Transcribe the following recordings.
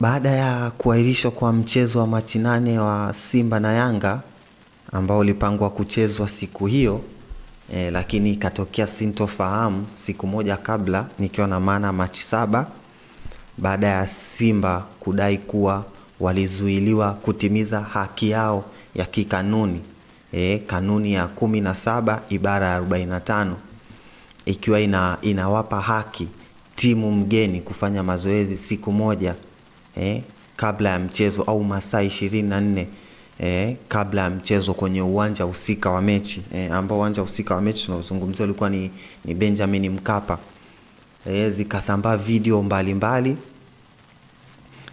Baada ya kuahirishwa kwa mchezo wa Machi nane wa Simba na Yanga ambao ulipangwa kuchezwa siku hiyo e, lakini ikatokea sintofahamu siku moja kabla, nikiwa na maana Machi saba, baada ya Simba kudai kuwa walizuiliwa kutimiza haki yao ya kikanuni e, kanuni ya kumi na saba ibara ya arobaini tano ikiwa ina, inawapa haki timu mgeni kufanya mazoezi siku moja eh, kabla ya mchezo au masaa ishirini na nne eh, kabla ya mchezo kwenye uwanja husika wa mechi eh, ambao uwanja husika wa mechi tunaozungumzia ulikuwa ni, ni Benjamin Mkapa eh, zikasambaa video mbalimbali mbali,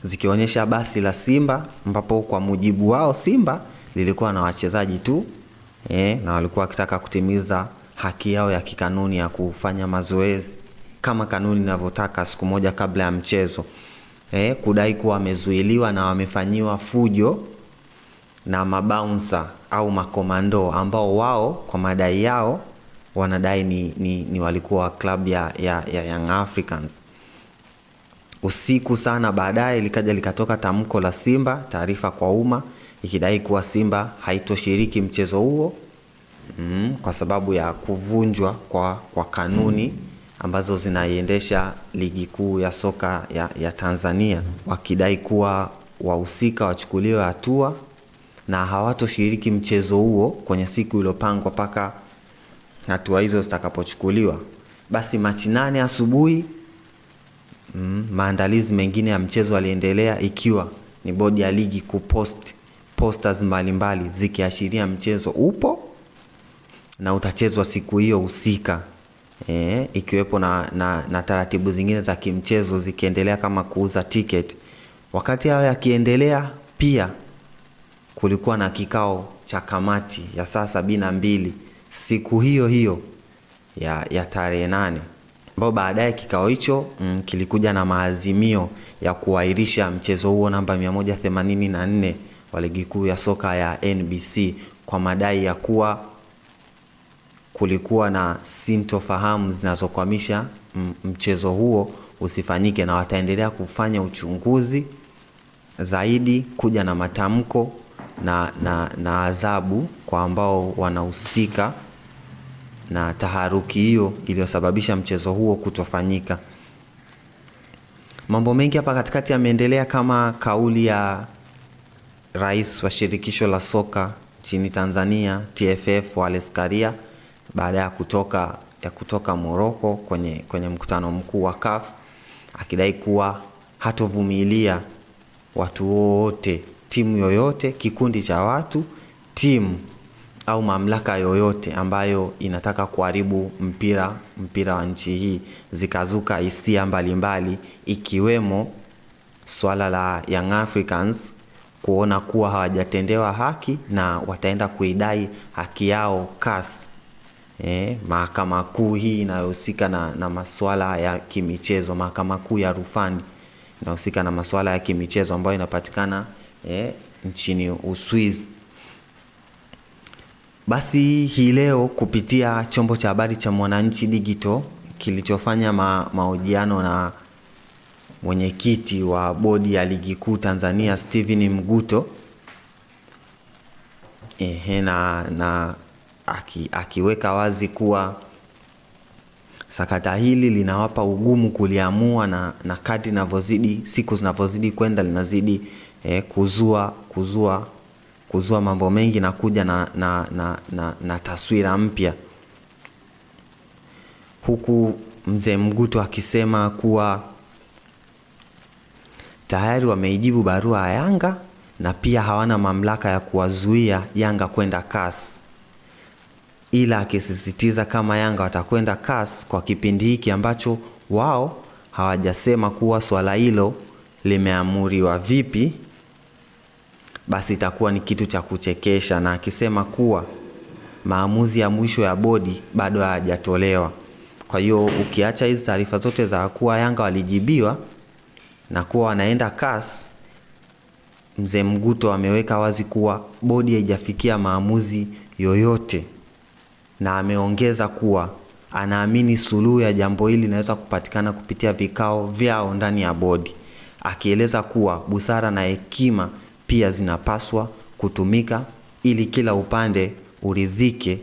zikionyesha basi la Simba ambapo kwa mujibu wao Simba lilikuwa na wachezaji tu eh, na walikuwa wakitaka kutimiza haki yao ya kikanuni ya kufanya mazoezi kama kanuni inavyotaka siku moja kabla ya mchezo eh, kudai kuwa wamezuiliwa na wamefanyiwa fujo na mabaunsa au makomando ambao wao kwa madai yao wanadai ni, ni, ni walikuwa klabu ya, ya, ya Young Africans. Usiku sana baadaye likaja likatoka tamko la Simba, taarifa kwa umma ikidai kuwa Simba haitoshiriki mchezo huo mm, kwa sababu ya kuvunjwa kwa, kwa kanuni mm ambazo zinaiendesha ligi kuu ya soka ya, ya Tanzania wakidai kuwa wahusika wachukuliwe hatua na hawatoshiriki mchezo huo kwenye siku iliyopangwa mpaka hatua hizo zitakapochukuliwa. Basi Machi nane asubuhi mm, maandalizi mengine ya mchezo aliendelea ikiwa ni bodi ya ligi kupost posters mbalimbali zikiashiria mchezo upo na utachezwa siku hiyo husika e, ikiwepo na, na, na taratibu zingine za kimchezo zikiendelea kama kuuza tiketi. Wakati hayo yakiendelea, pia kulikuwa na kikao cha kamati ya saa sabini na mbili siku hiyo hiyo ya, ya tarehe nane ambao baadaye kikao hicho mm, kilikuja na maazimio ya kuahirisha mchezo huo namba 184 wa ligi kuu ya soka ya NBC kwa madai ya kuwa kulikuwa na sintofahamu zinazokwamisha mchezo huo usifanyike, na wataendelea kufanya uchunguzi zaidi, kuja na matamko na, na, na adhabu kwa ambao wanahusika na taharuki hiyo iliyosababisha mchezo huo kutofanyika. Mambo mengi hapa katikati yameendelea, kama kauli ya rais wa shirikisho la soka nchini Tanzania TFF Wallace Karia baada ya kutoka, ya kutoka Moroko kwenye, kwenye mkutano mkuu wa CAF akidai kuwa hatovumilia watu wote, timu yoyote, kikundi cha watu, timu au mamlaka yoyote ambayo inataka kuharibu mpira mpira wa nchi hii. Zikazuka hisia mbalimbali, ikiwemo swala la Young Africans kuona kuwa hawajatendewa haki na wataenda kuidai haki yao kasi eh, mahakama kuu hii inayohusika na, na masuala ya kimichezo, mahakama kuu ya rufani inahusika na masuala ya kimichezo ambayo inapatikana eh, nchini Uswizi. Basi hii leo kupitia chombo cha habari cha Mwananchi Digital kilichofanya ma, mahojiano na mwenyekiti wa bodi ya ligi kuu Tanzania Steven Mguto ehe, na, na aki, akiweka wazi kuwa sakata hili linawapa ugumu kuliamua na, na kadri inavyozidi siku zinavyozidi kwenda linazidi eh, kuzua kuzua kuzua mambo mengi na kuja na, na, na, na, na taswira mpya, huku mzee Mguto akisema kuwa tayari wameijibu barua ya Yanga na pia hawana mamlaka ya kuwazuia Yanga kwenda kasi ila akisisitiza kama Yanga watakwenda CAS kwa kipindi hiki ambacho wao hawajasema kuwa swala hilo limeamuriwa vipi, basi itakuwa ni kitu cha kuchekesha, na akisema kuwa maamuzi ya mwisho ya bodi bado hayajatolewa. Kwa hiyo ukiacha hizi taarifa zote za kuwa Yanga walijibiwa na kuwa wanaenda CAS, mzee Mguto ameweka wazi kuwa bodi haijafikia maamuzi yoyote na ameongeza kuwa anaamini suluhu ya jambo hili inaweza kupatikana kupitia vikao vyao ndani ya bodi, akieleza kuwa busara na hekima pia zinapaswa kutumika ili kila upande uridhike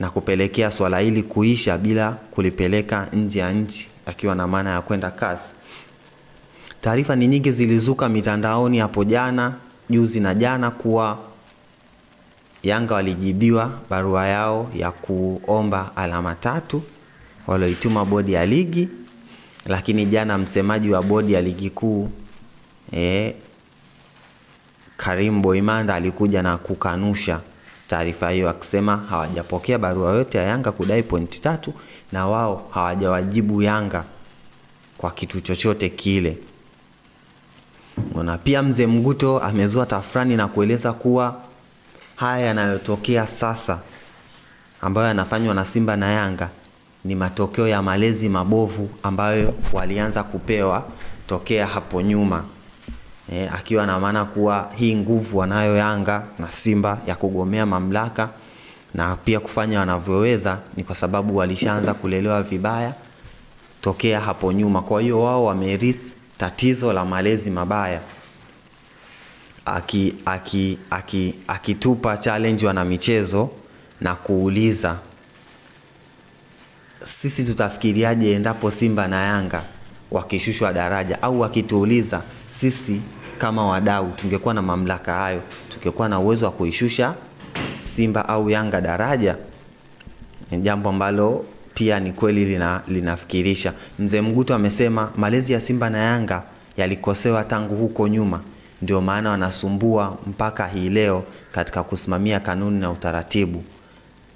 na kupelekea swala hili kuisha bila kulipeleka nje ya nchi, akiwa na maana ya kwenda kasi. Taarifa ni nyingi zilizuka mitandaoni hapo jana, juzi na jana kuwa Yanga walijibiwa barua yao ya kuomba alama tatu walioituma bodi ya ligi, lakini jana msemaji wa bodi ya ligi kuu eh, Karim Boimanda alikuja na kukanusha taarifa hiyo akisema hawajapokea barua yote ya Yanga kudai pointi tatu na wao hawajawajibu Yanga kwa kitu chochote kile. Na pia mzee Mguto amezua tafrani na kueleza kuwa haya yanayotokea sasa ambayo yanafanywa na Simba na Yanga ni matokeo ya malezi mabovu ambayo walianza kupewa tokea hapo nyuma. E, akiwa na maana kuwa hii nguvu wanayo Yanga na Simba ya kugomea mamlaka na pia kufanya wanavyoweza ni kwa sababu walishaanza kulelewa vibaya tokea hapo nyuma. Kwa hiyo wao wamerithi tatizo la malezi mabaya akitupa aki, aki, aki challenge michezo na kuuliza sisi tutafikiriaje endapo Simba na Yanga wakishushwa daraja, au wakituuliza sisi kama wadau tungekuwa na mamlaka hayo, tungekuwa na uwezo wa kuishusha Simba au Yanga daraja? Ni jambo ambalo pia ni kweli lina, linafikirisha. Mzee Mguto amesema malezi ya Simba na Yanga yalikosewa tangu huko nyuma. Ndio maana wanasumbua mpaka hii leo katika kusimamia kanuni na utaratibu,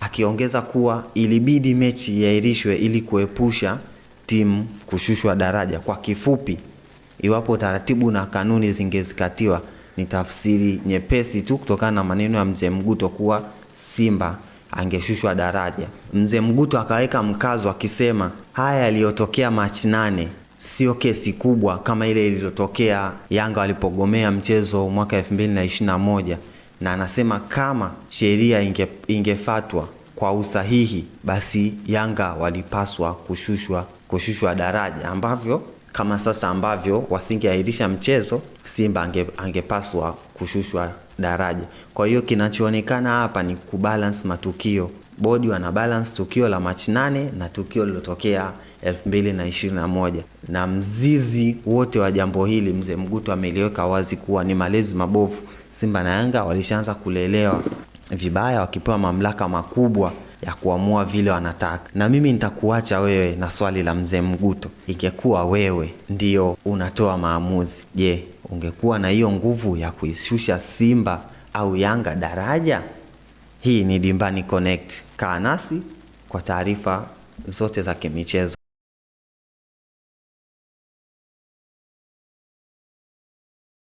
akiongeza kuwa ilibidi mechi iahirishwe ili kuepusha timu kushushwa daraja. Kwa kifupi, iwapo taratibu na kanuni zingezikatiwa, ni tafsiri nyepesi tu kutokana na maneno ya Mzee Mguto kuwa Simba angeshushwa daraja. Mzee Mguto akaweka mkazo akisema haya yaliyotokea Machi nane sio kesi kubwa kama ile iliyotokea Yanga walipogomea mchezo mwaka moja na anasema kama sheria inge, ingefatwa kwa usahihi basi Yanga walipaswa kushushwa kushushwa daraja ambavyo kama sasa ambavyo wasingeahirisha mchezo Simba ange, angepaswa kushushwa daraja. Kwa hiyo kinachoonekana hapa ni kubalance matukio bodi wana balance tukio la Machi nane na tukio lilotokea 2021 na mzizi wote wa jambo hili mzee Mguto ameliweka wazi kuwa ni malezi mabovu. Simba na Yanga walishaanza kulelewa vibaya wakipewa mamlaka makubwa ya kuamua vile wanataka. Na mimi nitakuacha wewe na swali la mzee Mguto, ingekuwa wewe ndio unatoa maamuzi, je, ungekuwa na hiyo nguvu ya kuishusha Simba au Yanga daraja? Hii ni Dimbani Connect. Kaa nasi kwa taarifa zote za kimichezo.